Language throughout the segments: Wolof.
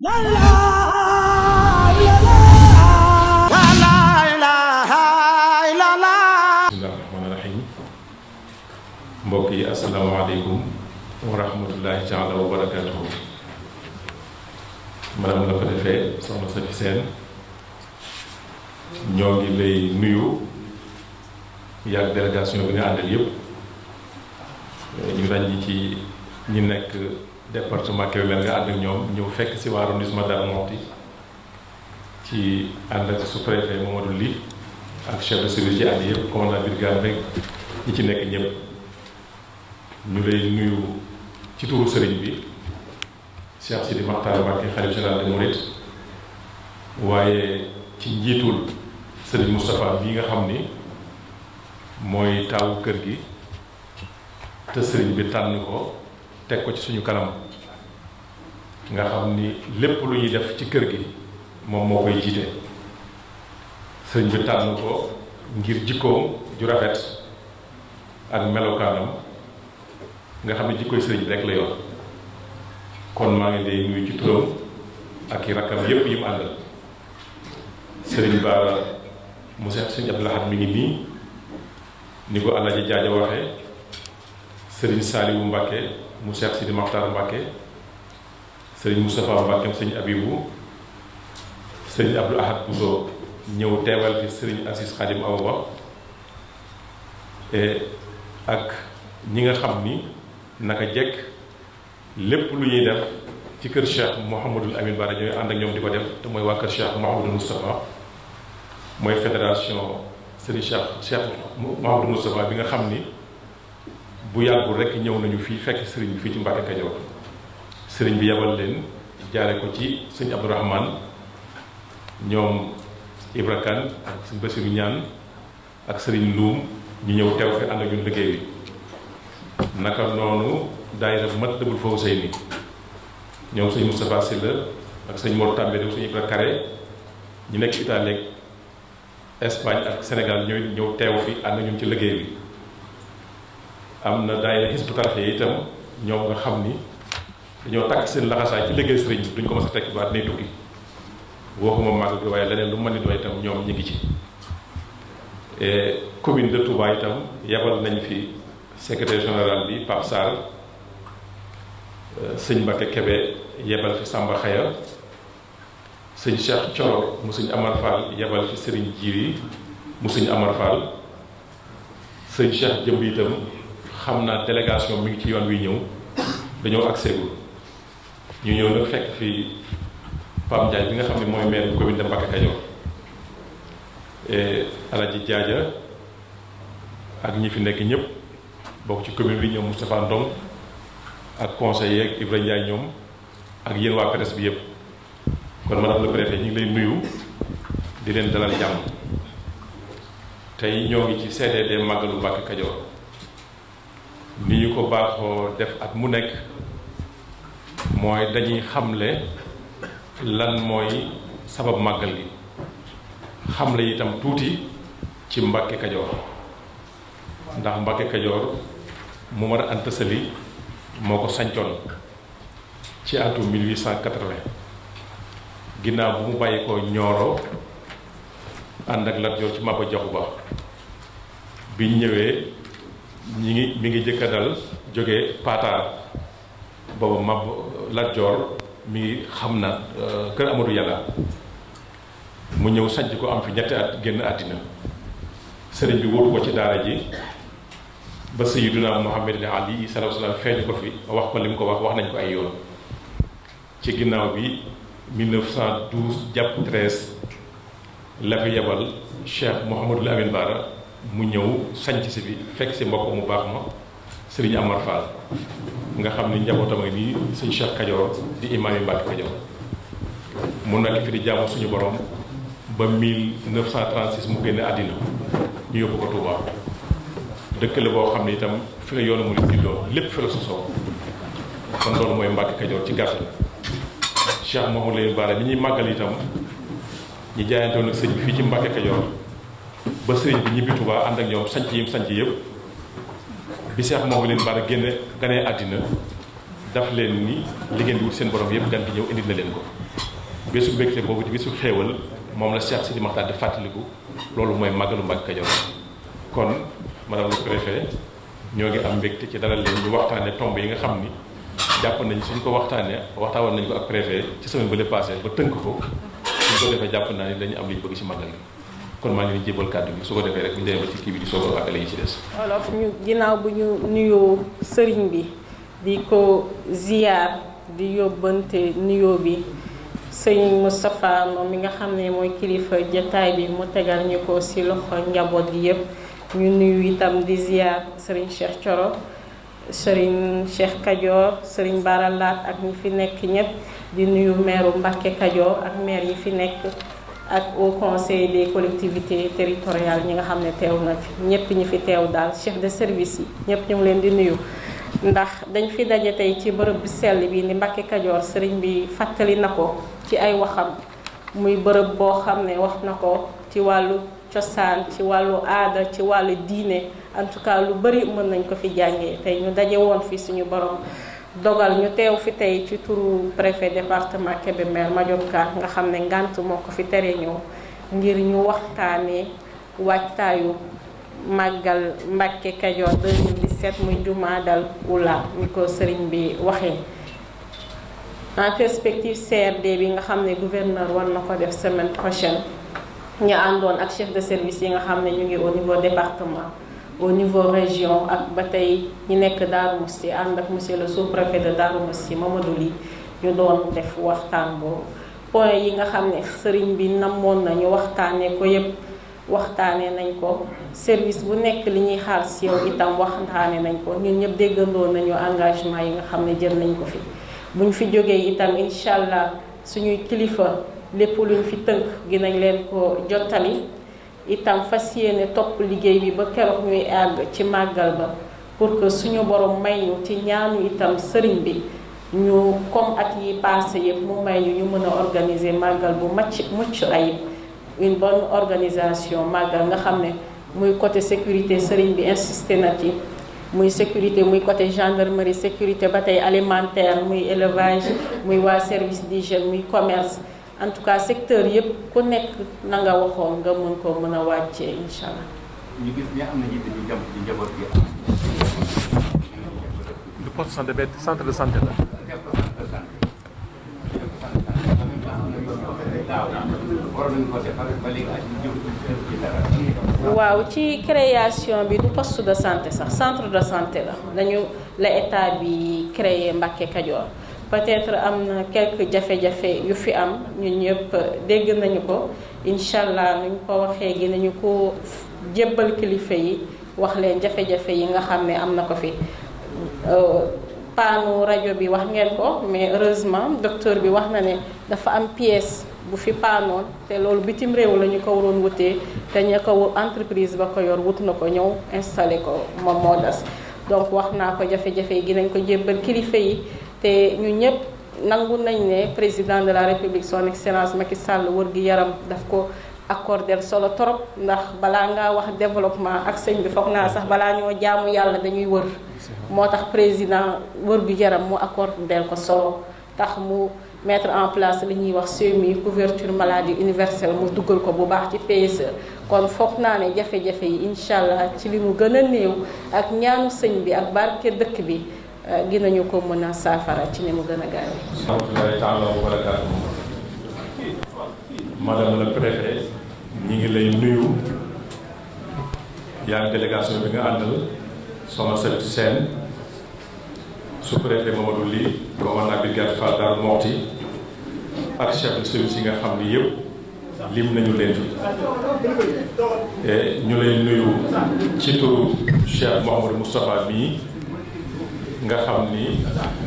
mbokk yi asalaamaaleykum wa rahmatullahi taala wa barakaatuhu madame la ko defee soxna Safi Seen ñoo ngi lay nuyu yàgg délégation bi nga àndal yëpp ñu ràññi ci ñi nekk département Kébémer nga ànd ak ñoom ñëw fekk si waa arrondissement Darou Mouhty ci ànd ak sous-préfet Mamadou Ly ak chef de service yi ànd yëpp commandant brigade rek ñi ci nekk ñëpp ñu lay nuyu ci turu sëriñ bi Cheikh Sidi Makhtar Mbacké xalif ci sëriñ Moustapha bi nga xam ni mooy kër gi te sëriñ bi ko teg ko ci suñu kanam nga xam ni lépp lu ñuy def ci kër gi moom moo koy jiite sëñ bi tànn ko ngir jikkoom ju rafet ak melokaanam nga xam ne jikkoy sëriñ rek la yor kon maa ngi lay nuyu ci turam ak i rakkam yépp yi mu àndal sëriñ baara mu seet sëñ abdulahad mi ngi nii ni ko alaji jaaja waxee sëriñ Saliou Mbacké mu Cheikh Sidi Makhtar Mbacké sëriñ Moustapha Mbacké mu sëriñ Abibou sëriñ Abdou Ahad Bousso ñëw teewal fi sëriñ Assis Khadim Awa Ba ak ñi nga xam ni naka jekk lépp lu ñuy def ci kër Cheikh Mouhamadul Amin ba ñooy ànd ak ñoom di ko def te mooy waa kër Cheikh Mouhamadul Moustapha mooy fédération sëriñ Cheikh Cheikh Mouhamadul Moustapha bi nga xam ni bu yàggul rek ñëw nañu fii fekk sëriñ bi fii ci Mbàkke Kajoor sëriñ bi yabal leen jaare ko ci sëñ Abdourahman ñoom Ibra Kane ak sëñ Basiru Ñaan ak sëriñ Luum ñu ñëw teew fi ànd ak ñun liggéey bi naka noonu daayira Matlabul Fawzayni ñoom sëñ Moustapha Sylla ak sëñ Mor Tàmbe ak sëñ Ibra Kare ñu nekk Italie ak Espagne ak Sénégal ñooy ñëw teew fi ànd ñun ci liggéey bi am na daayira Hizbut yi itam ñoom nga xam ni dañoo takk seen laxasaay ci liggéey sëriñ duñ ko mës a tekki baat nay tukki waxuma màgg gi waaye leneen lu mën it itam ñoom ñu ngi ci e, commune de Touba itam yebal nañu fi secretaire général bi Pape Sarr e, sëñ Mbacke Kebe yebal fi Samba Xaya sëñ Cheikh Thioro mu sëñ Amar Fall yebal fi Serigne Jiri mu sëñ Amar Fall sëñ Cheikh Jëmb itam xam naa délégation mi ngi ci yoon wi ñëw dañoo accès gul ñu ñëw nag fekk fii Pam Ndiaye bi nga xam ne mooy maire commune de Mbacké Kadior Alaji Jaaja ak ñi fi nekk ñëpp bokk ci commune bi ñëw Moustapha Ndong ak conseiller ak Ibrahima Ndiaye ñoom ak yéen waa presse bi yëpp kon madame le préfet ñu ngi lay nuyu di leen dalal jàmm tey ñoo ngi ci CDD màggalu Mbacké Kadior ni ñu ko baaxoo def at mu nekk mooy dañuy xamle lan mooy sabab màggal gi xamle itam tuuti ci mbàkke kajoor ndax mbàkke kajoor mu mën a antasali moo ko sancoon ci atum 1880 ginnaaw bu mu bàyyi ko ñooro ànd ak Lat Joor ci Maba Ba ñëwee ñi ngi mi ngi jëkka dal jóge paata booba mab Lat mi xam na euh, kër Amadou Yàlla mu ñëw sanc ko am fi ñetti génn àddina sëriñ bi wóotu ko ci daara ji ba sayyiduna Muhammad ali sallallahu alayhi wa ko fi wax ko li mu ko wax wax nañ ko ay yoon ci ginnaaw bi 1912 jàpp 13 la fi yebal Cheikh Mouhamadul Amin Bara mu ñëw sanc si bi fekk si mbokk mu baax ma sëriñ Amar Fall nga xam ni njabootam ak nii sëñ Cheikh Kajoor di imaam yi Mbàkke Kajoor mu nekk fi di jaamu suñu borom ba 1936 mu génne àddina ñu yóbbu ko Touba dëkk la boo xam ne itam fi la yoonu mu di juddoo lépp fi la sosoo kon loolu mooy Mbàkke Kajoor ci gàttal Cheikh Mouhamadou ñuy màggal itam jaayantoon ak sëñ fii ci ba sëriñ bi ñibbi Tuubaa ànd ak ñoom sanc yim sanc yëpp bi Seex Mouhamadou leen bara génn ganee àddina daf leen ni li ngeen seen borom yëpp gan gi ñëw indil na leen ko bésu mbégte boobu di bésu xéewal moom la Seex Sidi Maxtaar di fàttaliku loolu mooy màggalu Mbàkke Kajoor kon ma madame le préfet ñoo ngi am mbégte ci dalal leen ñu waxtaane tomb yi nga xam ni jàpp nañ suñ ko waxtaanee waxtaawoon nañ ko ak préfet ci semaine ba le ba tënk ko suñ ko naa ni dañu am li ñu bëgg ci kon maa ngi leen jébal kàddu gi su ko defee rek bu ñu bi di nuyoo sëriñ bi di ko ziyaar di yóbbante nuyoo bi sëriñ Moustapha moom mi nga xam ne mooy kilifa jataay bi mu tegal ñu ko ci loxo njaboot gi yépp ñu nuyu itam di ziyaar sëriñ Cheikh Thioro sëriñ Cheikh Kajoor sëriñ Baralaat ak ñi fi nekk ñépp di nuyu meeru Mbàkke Kajoor ak meer yi fi nekk. ak au conseil des collectivité territoriales ñi nga xam ne teew na fi ñëpp ñi fi teew daal chef de service yi ñëpp ñu leen di nuyu. ndax dañ fi daje tey ci bërëb bu sell bii ni Mbàkke Kajoor sëriñ bi fàttali na ko ci ay waxam muy bërëb boo xam ne wax na ko ci wàllu cosaan ci wàllu aada ci wàllu diine en tout cas lu bëri mën nañ ko fi jàngee tey ñu daje woon fi suñu borom. dogal ñu teew fi tey ci turu préfet département Kébémer Madior Ka nga xam ne ngànt moo ko fi tere ñëw ngir ñu waxtaane waajtaayu màggal Mbàkke Kajoor 2017 muy Jumaadal Ula ni ko sëriñ bi waxee en perspective CRD bi nga xam ne gouverneur war na ko def semaine prochaine ñu àndoon ak chef de service yi nga xam ne ñu ngi au niveau département au niveau région ak ba tey ñi nekk Darou Mousty ànd ak monsieur le sous-préfet de Darou Mousty Mamadou Ly ñu doon def waxtaan boobu point yi nga xam ne sëriñ bi namoon nañu waxtaanee ko yépp waxtaanee nañ ko service bu nekk li ñuy xaar si yow itam waxtaane nañ ko ñun ñëpp déggandoo nañu engagement yi nga xam ne jël nañ ko fi buñ fi jógee itam incha allah suñuy kilifa lépp luñ fi tënk gi nañ leen ko jottali itam fas ne topp liggéey bi ba keroog ñuy àgg ci màggal ba pour que suñu borom may ñu ci ñaanu itam sëriñ bi ñu comme ak yi passé yëpp mu may ñu ñu mën a organiser màggal bu macc mucc ayib une bonne organisation màggal nga xam ne muy côté sécurité sëriñ bi insisté na ci muy sécurité muy côté gendarmerie sécurité ba tey alimentaire muy élevage muy waa service d'hygiène muy commerce en tout cas secteur yëpp ku nekk na nga waxoon nga mën ko mën a wàccee incha allah. ñu gis ñi du poste de santé la. waaw ci création bi du poste de santé sax centre de santé la dañu la état bi créé Mbacké Kajoor. peut-être am na quelques jafe-jafe yu fi am ñun ñëpp dégg nañu ko incha allah nuñ ko waxee gi nañu ko jébbal kilifa yi wax leen jafe-jafe yi nga xam ne am na ko fi. Euh, paanu rajo bi wax ngeen ko mais heureusement docteur bi wax na ne dafa am pièce bu fi paanoon te loolu bitim réew la ñu ko waroon wutee te ña entreprise ba ko yor wut na ko ñëw installé ko moom moo das donc wax naa ko jafe-jafe yi gi nañ ko jébbal kilifa yi. te ñu ñëpp nangu nañ ne président de la république son excellence Macky Sall wër gi yaram daf ko accordel solo trop ndax balaa ngaa wax développement ak sëñ bi foog naa sax balaa ñoo jaamu yàlla dañuy wër moo tax président wër gu yaram mu accordel ko solo tax mu mettre en place li ñuy wax semi couverture maladie universelle mu dugal ko bu baax ci PSE kon foog naa ne jafe-jafe yi incha allah ci li mu gën a néew ak ñaanu sëñ bi ak barke dëkk bi Euh, dinañu ko mën a saafara ci ne mu gën a gaawee. alhamdulilah taala wa barakaatu. madame la préfet ñi ngi lay nuyu yaa délégation bi nga àndal soxna Seydou Sène sous-préfet Mamadou Ly commandant brigade Fall Darou Mouhty ak chef de service yi nga xam ni yëpp lim nañu leen fi ñu lay nuyu ci turu Cheikh Mouhamadou Moustapha mii nga xam ni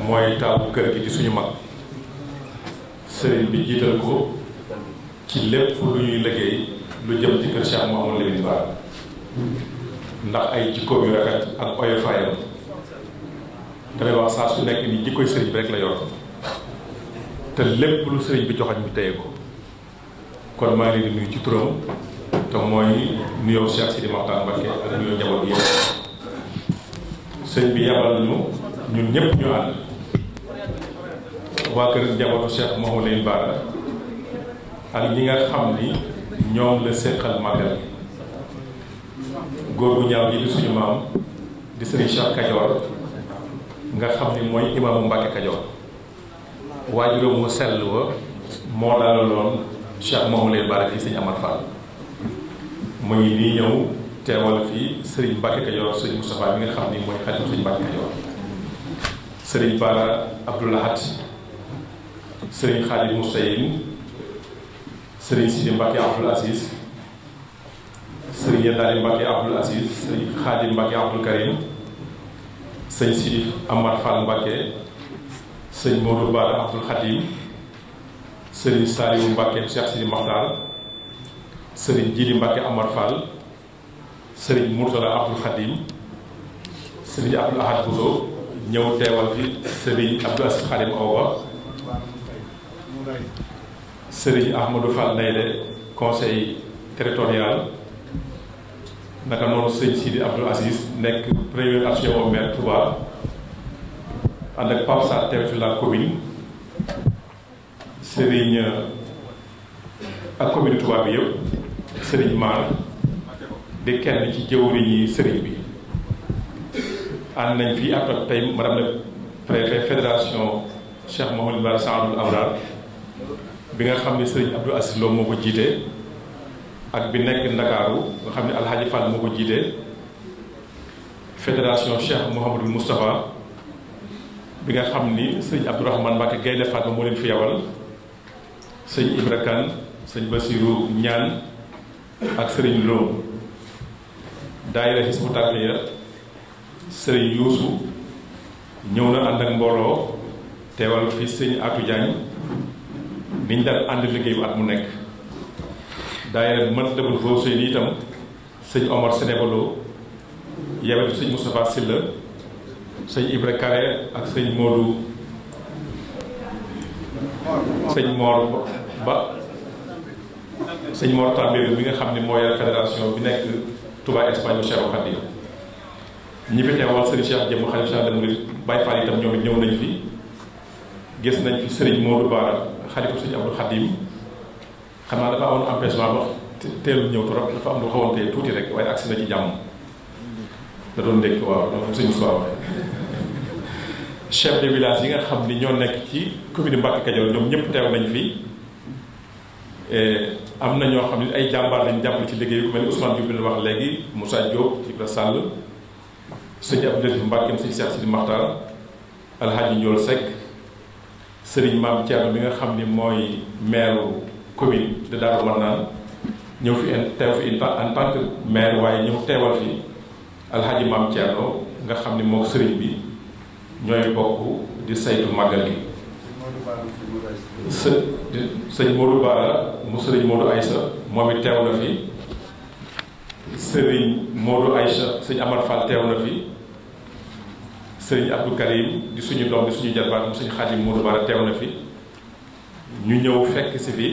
mooy taabu kër gi di suñu mag sëriñ bi jiital ko ci lépp lu ñuy liggéey lu jëm ci kër Cheikh Mouhamadou Lamine Bara ndax ay jikkoom yu rafet ak oyofaayam damay wax saa su nekk ni jikkoy sëriñ bi rek la yor te lépp lu sëriñ bi joxañ mu téye ko kon maa ngi leen di nuyu ci turam te mooy nuyoo Cheikh Sidi Mokhtar ak bi yabal ñun ñëpp ñu ànd waa kër njabootu Cheikh Mouhamadou Lamine Bara ak ñi nga xam ni ñoom la séqal màggal góor gu ñaaw ji di suñu maam di sëriñ Cheikh Kajoor nga xam ni mooy imaamu Mbàkke Kajoor waajuróom mu sell wa moo dalaloon Cheikh Mouhamadou Lamine Bara fii sëñ Amar Fall mu ngi nii ñëw teewal fii sëriñ Mbàkke Kajoor sëriñ Moustapha bi nga xam ni mooy xarit sëriñ Mbàkke Kajoor sëriñ Bara Abdou Lahad sëriñ Khalid Moustahine sëriñ Sidi Mbacke Abdoul Aziz sëriñ Yendali Mbacke Abdoul Aziz sëriñ Khadim Mbacke Abdoul Karim sëñ Sidi Amar Fall Mbacke sëñ Modou Bara Abdoul Khadim sëriñ Saliou Mbacke Cheikh Sidi Makhtar sëriñ Jili Mbacke Amar Fall sëriñ Mourtala Abdoul Khadim sëriñ Abdoul Ahad Bousso ñëw teewal fi Serigne Abdou Aziz Xadim Awa Serigne Ahmadou Fall Nayle conseil territorial naka noonu sëñ Sidi Abdou Aziz nekk premier adjoint au maire ànd ak Pape Sarr teew fi ak commune Touba bi yëpp Serigne di kenn ci jëwriñi Serigne bi. and nañ fii ak ak tey madame le préfet fédération Cheikh Mouhamadou Bara Saadul Abrar bi nga xam ne sëriñ Abdou Aziz Lo moo ko jiite ak bi nekk Ndakaaru nga xam ne Alhaji Fall moo ko jiite fédération Cheikh Mouhamadou Moustapha bi nga xam ni sëriñ Abdourahmane Mbacke Gaynde Fatma moo leen fi yabal sëñ Ibra Kane Basirou Ñaan ak sëriñ Lo daayira Hizbut Tarqiyyah sëriñ yuusu ñëw na ànd ak mbooloo teewal fi sëñ Atou Diagne niñ daan ànd liggéey bu at mu nekk daayira mën dëbul foofu sëy ni itam sëñ Omar Sénébaloo yebal fi sëñ Moustapha Silla sëñ Ibra Kare ak sëñ Modou sëñ Mor Ba sëñ Mor Tambédou bi nga xam ne mooy fédération bi nekk Touba Espagne bu Cheikh Khadim ñi fi teewal Serigne Cheikh Jëmm xalif Cheikh Adama Mouride Baye Fall itam ñoom it ñëw nañ fi gis nañ fi Serigne Modou Bara xalifu Serigne Abdou Khadim xam naa dafa am lu xawoon tuuti rek waaye agsi na ci jàmm da waaw donc suñu soi chef de village yi nga xam ni ñoo nekk ci commune Mbacke Kadior ñoom ñëpp teew nañ fi eh, am na ñoo xam ne ay jàmbaar lañ jàppale ci liggéey ku mel ni Ousmane Diouf bi wax léegi Moussa Diop Ibra Sall sëñ Abdou Latif Mbàkkeem sëñ Cheikh Sidi Maxtaar alxaaji Njool Seck sëriñ Maam Thierno bi nga xam ni mooy maire commune de Darou Marnane ñëw fi teew fi en tant que maire waaye ñëw teewal fi alxaaji Maam Thierno nga xam ni moom sëriñ bi ñooy bokk di saytu màggal gi së sëñ Modou Bara mu sëriñ Modou Aïssa moom it teew na fi sëriñ Modou Aïcha sëñ Amar Fall teew na fi sëriñ Abdou Karim di suñu doom di suñu jarbaat mu suñu Xaadim Modou Bara teew na fi ñu ñëw fekk si fi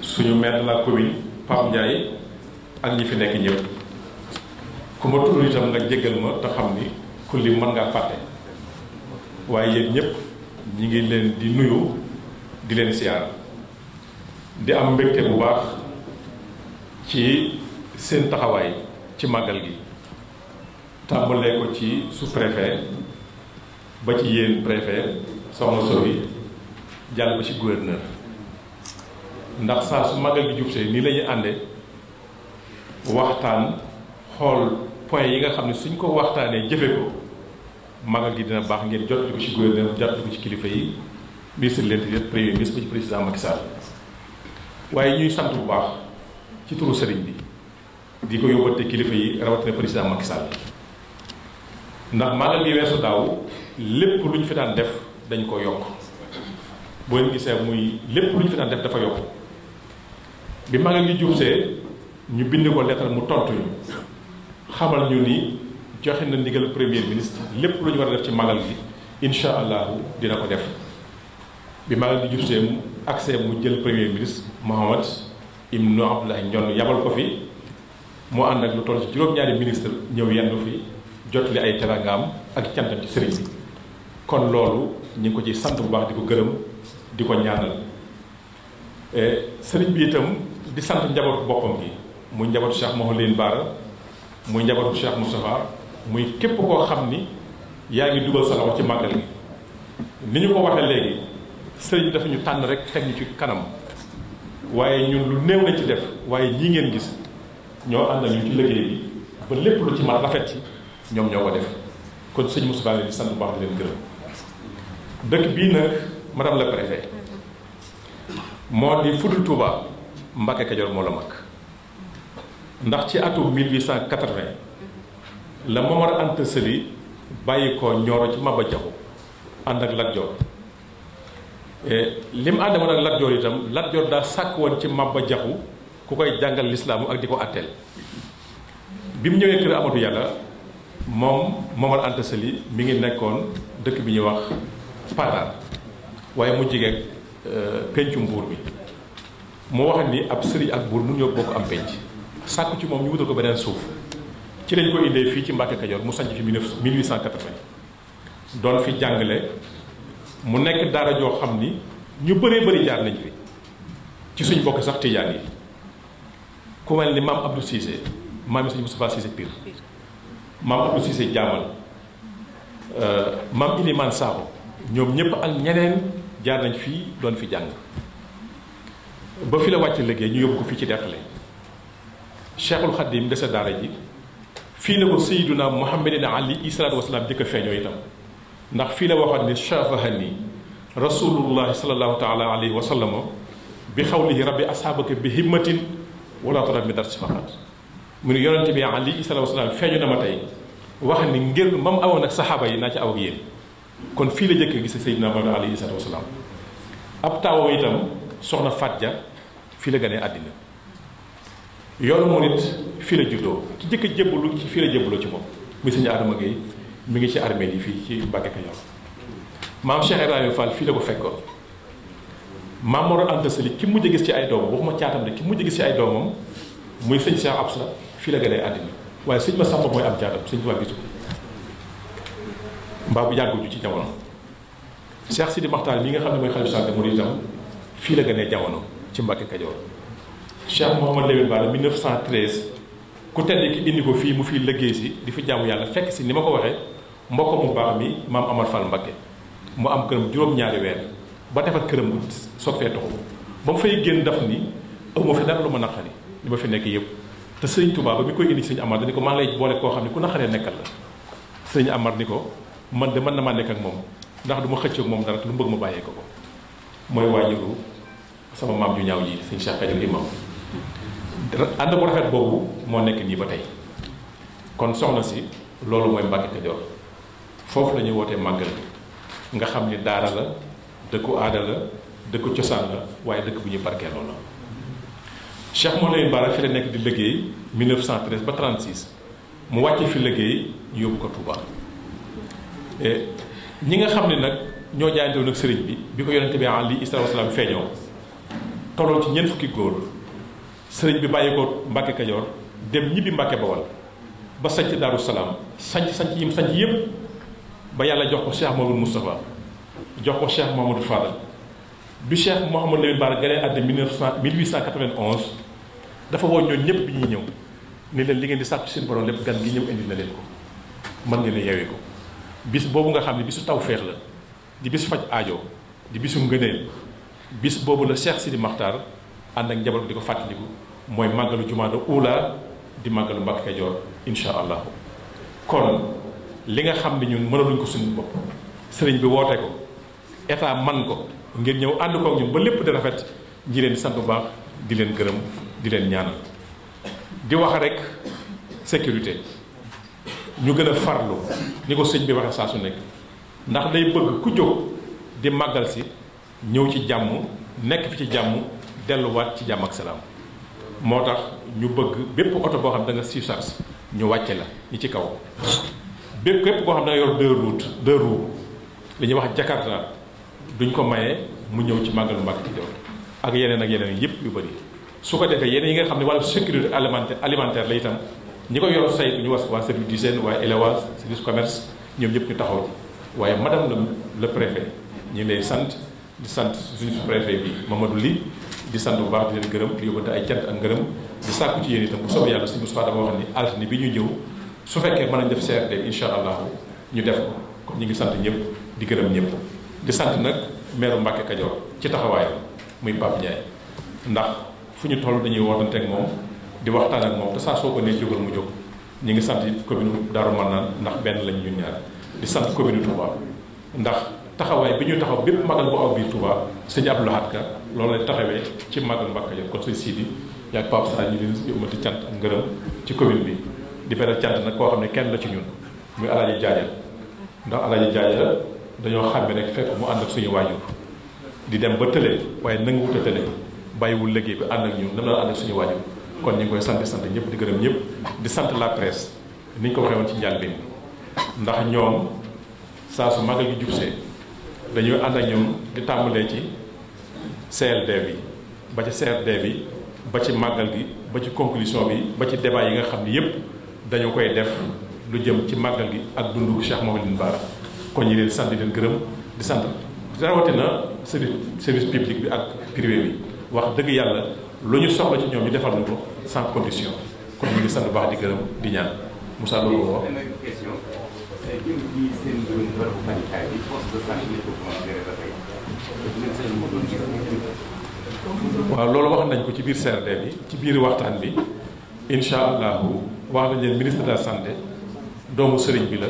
suñu maire de la commune Pape Ndiaye ak ñi fi nekk ñëw ku ma tudd itam nga jéggal ma te xam ni ku lim mën ngaa fàtte waaye yéen ñëpp ñi ngi leen di nuyu di leen siyaar di am mbégte bu baax ci seen taxawaay ci màggal gi tàmbalee ko ci sous-préfet ba ci yéen préfet soxna Sowi jàll ba ci gouverneur ndax saa su màggal gi jubsee nii lañuy ñuy ànde waxtaan xool point yi nga xam ne suñ ko waxtaanee jëfe ko màggal gi dina baax ngeen jotali ko ci gouverneur jotali ko ci kilifa yi ministre de l'Intérieur premier ministre ba ci président Macky waaye ñuy sant bu baax ci turu sëriñ bi di ko yóbbante kilifa yi rawatina président Macky Sall ndax magal bi weesu daaw lépp lu ñu fi daan def dañ ko yokk boo leen gisee muy lépp lu ñu fi def dafa yokk bi magal gi jubsee ñu bind ko lettre mu tontu ñu xamal ñu ni joxe na ndigal premier ministre lépp lu ñu war a def ci magal gi incha allahu dina ko def bi magal gi jubsee accès mu jël premier ministre Mohamed ibnu Abdoulaye Ndione yabal ko fi mu ànd ak lu toll ci juróom-ñaari ministre ñëw yendu fi jotali ay terangaam ak cantam ci sëriñ bi kon loolu ñu ngi ko ci sant bu baax di ko gërëm di ko ñaanal eh, sëriñ bi itam di sant njabootu boppam gi muy njabootu Cheikh Mawlin Baara mu njabootu Cheikh Moustapha muy képp koo xam ni yaa ngi dugal sa loxo ci màggal gi ni ñu ko waxee léegi sëriñ bi dafa ñu tànn rek teg ñu ci kanam waaye ñun lu néew lañ ci def waaye lii ngeen gis ñoo ànd ñu ci liggéey bi ba lépp lu ci mat rafet ci ñoom ñoo ko def kon sëñ Moussa leen di sant bu baax di leen gërëm dëkk bii nag madame la préfet moo di fudul Touba Mbacke Kajoor moo la mag ndax ci atum 1880 la Momar Anta Sali bàyyi ko Nioro ci Maba Diakhou ànd ak Lat Eh, lim àndewoon ak Lat Joor itam Lat sàkk woon ci Maba Jaxu ku koy jàngal lislaamu ak di ko àtteel bi mu ñëwee kër amatu Yàlla moom Momar Anta Sali mi ngi nekkoon dëkk bi ñuy wax Pataar waaye mu jigéen eh, pencu mbuur bi mu wax ni ab sëriñ ak buur mu ñëw bokk am penc sàkku ci moom ñu wutal ko beneen suuf ci lañ ko indee fii ci Mbàkke Kajoor mu sanc fi 1880 doon fi jàngale mu nekk dara joo xam ni ñu bëree bëri jaar nañ fi ci suñ bokk sax tijaan yi ku mel ni maam Abdou sise maam Sëñ Moustapha sise pir maam Abdou sise Jaamal maam Iliman saabo ñoom ñëpp ak ñeneen jaar nañ fii doon fi jàng ba fi la wàcc liggéey ñu yóbbu ko fii ci Derklé Cheikhul Khadim dese daara ji fii la ko seyiduna mohammedina Ali isalatu wasalaam jëkk feeñoo itam ndax fii la waxoon ne chafahani rasulullah salallahu taala alayhi wa sallam bi xawlihi rabbi ashaabaka bi himmatin wala talab mi dar si faqat mu ne yonente bi ali salaa salaam feeñu na ma tey wax ni ngir mam awoon ak sahaba yi naa ci aw yéen kon fii la jëkk gis sayidina mawlana alayhi salatu wasalaam ab taawo itam soxna fatja fii la ganee àddina yoonu mu nit fii la juddoo ki jëkk jébbalu ci fii la jébbaloo ci moom muy sëñ aadama gay mi ngi ci armée yi fii ci Mbacke Kajoor maam Cheikh Ibrahima Fall fii la ko fekkoon maam Mor Anta Sali ki mujj gis ci ay doomam waxuma caatam de ki mujj gis ci ay doomam muy sëñ ab Absa fii la gënee àddina waaye sëñ ma sàmm mooy ab caatam sëñ Tuubaa gisu mbaa bu yàggu ju ci jamono Cheikh di Maxtaar mi nga xam ne mooy xalifa sànq mu itam fii la gënee jamono ci Mbacke Kajoor Cheikh Mouhamad Lamine Bara 1913 ku tedd ki indi ko fii mu fii liggéey si di fi jaamu yàlla fekk si ni ma ko waxee mbokkam mu baax mi maam Amar Fall Mbakke mu am këram juróom-ñaari weer ba defar këram soog fee toxu ba mu fay génn daf ni amoo fi dara lu ma naqari li ma fi nekk yëpp te sëñ Touba ba mi koy indi sëñ Amar dañu ko maa lay boole koo xam ne ku naqaree nekkal la sëñ Amar ni ko man de man na maa nekk ak moom ndax du ma xëccoog moom dara lu mu bëgg ma bàyyee ko ko mooy waajuru sama maam ju ñaaw ji sëñ Cheikh Kadiou imam ànd bu rafet boobu moo nekk nii ba tey kon soxna si loolu mooy Mbàkke Kajoor foofu lañuy wootee màggal bi nga xam ni daara la dëkku aada la dëkku cosaan la waaye dëkk bu ñu barkeeloo la Cheikh Moulay Bara fi la nekk di liggéey 1913 ba 36 mu wàcce fi liggéey ñu yóbbu ko Touba e, ñi nga xam ne nag ñoo jaayantewoon ak sëriñ bi bi ko yonente bi li isra wasalaam feeñoo tolloo ci ñeent fukki góor sëriñ bi bàyyi ko Mbàkke Kajoor dem ñibbi Mbàkke Bawal ba sanc Daaru Salaam sanc sanc yim sanc yëpp ba yàlla jox ko Cheikh Mamadou Moustapha jox ko Cheikh Mamadou Fadal bi Cheikh Mouhamadou Lamine Bara gane àddina 1891 dafa woo ñooñu ñëpp bi ñuy ñëw ni leen li ngeen di sàkku seen borom lépp gan gi ñëw indi na leen ko mën nga ne yeewee ko bis boobu nga xam ne bisu taw feex la di bisu faj aajo di bisu ngëneel bis boobu la si di Makhtar ànd ak njaboot di ko fàttaliku mooy màggalu jumaada ula di màggalu Mbàkke Kajoor incha allah li nga xam ne ñun mënaluñ ko suñu bopp sëriñ bi woote ko état man ko ngir ñëw ànd koog ñun ba lépp di rafet ñi leen sant bu baax di leen gërëm di leen ñaanal di wax rek sécurité ñu gën a farlu ni ko sëñ bi waxe saa su nekk ndax day bëgg ku jóg di màggal si ñëw ci jàmm nekk fi ci jàmm delluwaat ci jàmm ak salaam moo tax ñu bëgg bépp oto boo xam da nga surcharge ñu wàcce la ñi ci kaw bépp képp koo xam ne yor deux routes deux roues li ñuy wax jakarta duñ ko maye mu ñëw ci màggalu Mbàkke Kajoor ak yeneen ak yeneen yëpp yu bëri su ko defee yeneen yi nga xam ne wàllu sécurité alimentaire alimentaire la itam ñi ko yor saytu ñu was waa service d'hygiène waa élevage service commerce ñoom ñëpp ñu taxaw ci waaye madame la le préfet ñu ngi lay sant di sant suñu préfet bi Mamadou Ly di sant bu baax di leen gërëm di yóbbante ay cant ak ngërëm di sàkku ci yéen itam bu soobee ni altine bi ñu ñëw su fekkee mën nañ def CRD incha allah ñu def ko kon ñu ngi sant ñëpp di gërëm ñëpp di sant nag maire Mbacke Kajoor ci taxawaayam muy Pape Ndiaye ndax fu ñu toll dañuy wootante ak moom di waxtaan ak moom te saa soo ko nee jógal mu jóg ñu ngi sant it commune Darou Marnane ndax benn lañ ñun ñaar di sant commune Touba ndax taxawaay bi ñu taxaw bépp magal bu aw biir Touba sëñ Abdou Lahad Ka loolu lay taxawee ci magal Mbacke Kajoor kon sëñ Sidi yaa Pape Sarr ñu ci commune bi. di beral cant nag koo xam ne kenn la ci ñun muy alaaji jaajal ndax alaaji jaajal dañoo xàmme rek fekk mu ànd ak suñu waajur di dem ba tële waaye nanguwut a tële bàyyiwul liggéey bi ànd ak ñun nam la ànd suñu waajur kon ñu ngi koy sant sant ñëpp di gërëm ñëpp di sant la presse ni ñu ko waxee woon ci njàlbeen ndax ñoom saa su magal gi jubsee dañuy ànd ak ñoom di tàmbalee ci CRD bi ba ci CRD bi ba ci màggal gi ba ci conclusion bi ba ci débat yi nga xam ni yëpp dañu koy def lu jëm ci màggal gi ak dundu Cheikh Mouhamadou Bara kon ñi leen sant di leen gërëm di sant rawatina service service public bi ak privé bi wax dëgg yàlla lu ñu soxla ci ñoom ñu defal na ko sans condition kon ñu ngi sant baax di gërëm di ñaan Moussa loolu euh, wax nañ ko ci biir CRD bi ci biir waxtaan bi incha allahu wax nañ ministre de la santé doomu sëriñ bi la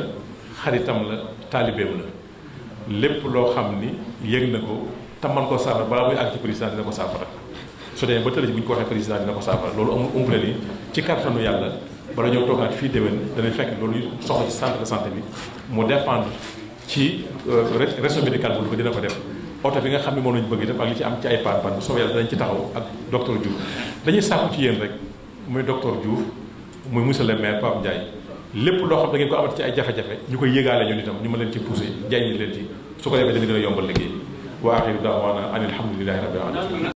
xaritam la taalibeem la lépp loo xam ni yëg na ko te man ko saafara balaa muy àgg ci président dina ko saafara su demee ba tëdd bu ko waxee président ko saafara loolu amul umpale ni ci kàttanu yàlla bala ñoo toogaat fii déwén dana fekk loolu soxla ci centre de santé bi mu dépendre ci euh, réseau médical bu ko dina ko def oto bi nga xam ne moom lañu bëgg itam ak li ci am ci ay paan paan bu soobee yàlla danañ ci taxaw ak docteur Diouf dañuy sàkku ci yéen rek muy docteur Diouf muy monsieur le maire Pape Ndiaye lépp loo xam da ngeen ko amati ci ay jafe-jafe ñu koy yëgaale ñun itam ñu ma leen ci poussé jaay ñu leen ci su ko defee dana gën a yombal liggéey bi wa axiru daawaana an alhamdulilahi rabbil alamin